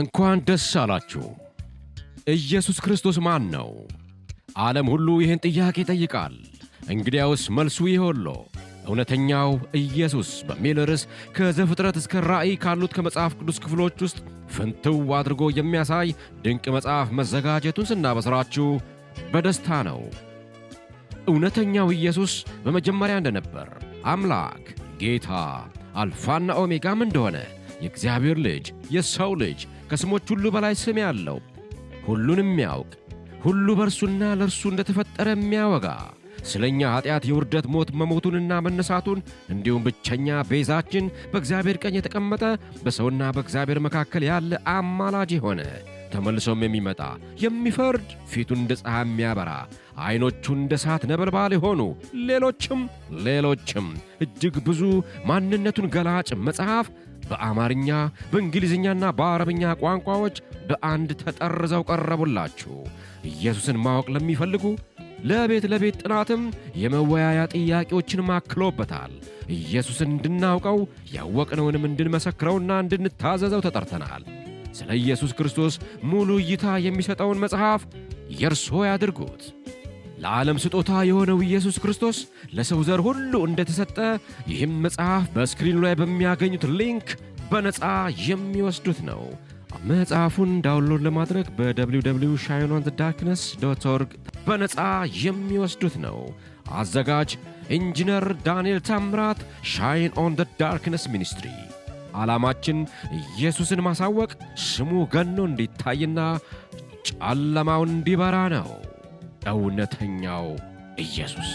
እንኳን ደስ አላችሁ። ኢየሱስ ክርስቶስ ማን ነው? ዓለም ሁሉ ይህን ጥያቄ ይጠይቃል። እንግዲያውስ መልሱ ይሆሎ እውነተኛው ኢየሱስ በሚል ርዕስ ከዘፍጥረት እስከ ራእይ ካሉት ከመጽሐፍ ቅዱስ ክፍሎች ውስጥ ፍንትው አድርጎ የሚያሳይ ድንቅ መጽሐፍ መዘጋጀቱን ስናበስራችሁ በደስታ ነው። እውነተኛው ኢየሱስ በመጀመሪያ እንደነበር አምላክ ጌታ አልፋና ኦሜጋም እንደሆነ የእግዚአብሔር ልጅ፣ የሰው ልጅ፣ ከስሞች ሁሉ በላይ ስም ያለው፣ ሁሉን የሚያውቅ፣ ሁሉ በእርሱና ለእርሱ እንደ ተፈጠረ የሚያወጋ ስለ እኛ ኀጢአት የውርደት ሞት መሞቱንና መነሳቱን እንዲሁም ብቸኛ ቤዛችን በእግዚአብሔር ቀኝ የተቀመጠ በሰውና በእግዚአብሔር መካከል ያለ አማላጅ የሆነ ተመልሶም የሚመጣ የሚፈርድ ፊቱን እንደ ፀሐይ የሚያበራ ዐይኖቹ እንደ እሳት ነበልባል የሆኑ ሌሎችም ሌሎችም እጅግ ብዙ ማንነቱን ገላጭ መጽሐፍ በአማርኛ በእንግሊዝኛና በአረብኛ ቋንቋዎች በአንድ ተጠርዘው ቀረቡላችሁ። ኢየሱስን ማወቅ ለሚፈልጉ ለቤት ለቤት ጥናትም የመወያያ ጥያቄዎችን ማክሎበታል። ኢየሱስን እንድናውቀው ያወቅነውንም እንድንመሰክረውና እንድንታዘዘው ተጠርተናል። ስለ ኢየሱስ ክርስቶስ ሙሉ እይታ የሚሰጠውን መጽሐፍ የእርሶ ያድርጉት። ለዓለም ስጦታ የሆነው ኢየሱስ ክርስቶስ ለሰው ዘር ሁሉ እንደተሰጠ ይህም መጽሐፍ በስክሪኑ ላይ በሚያገኙት ሊንክ በነፃ የሚወስዱት ነው። መጽሐፉን ዳውንሎድ ለማድረግ በደብሊው ደብሊው ሻይን ኦን ዘ ዳርክነስ ዶት ኦርግ በነፃ የሚወስዱት ነው። አዘጋጅ ኢንጂነር ዳንኤል ታምራት ሻይን ኦን ዘ ዳርክነስ ሚኒስትሪ። ዓላማችን ኢየሱስን ማሳወቅ፣ ስሙ ገኖ እንዲታይና ጨለማው እንዲበራ ነው። እውነተኛው ኢየሱስ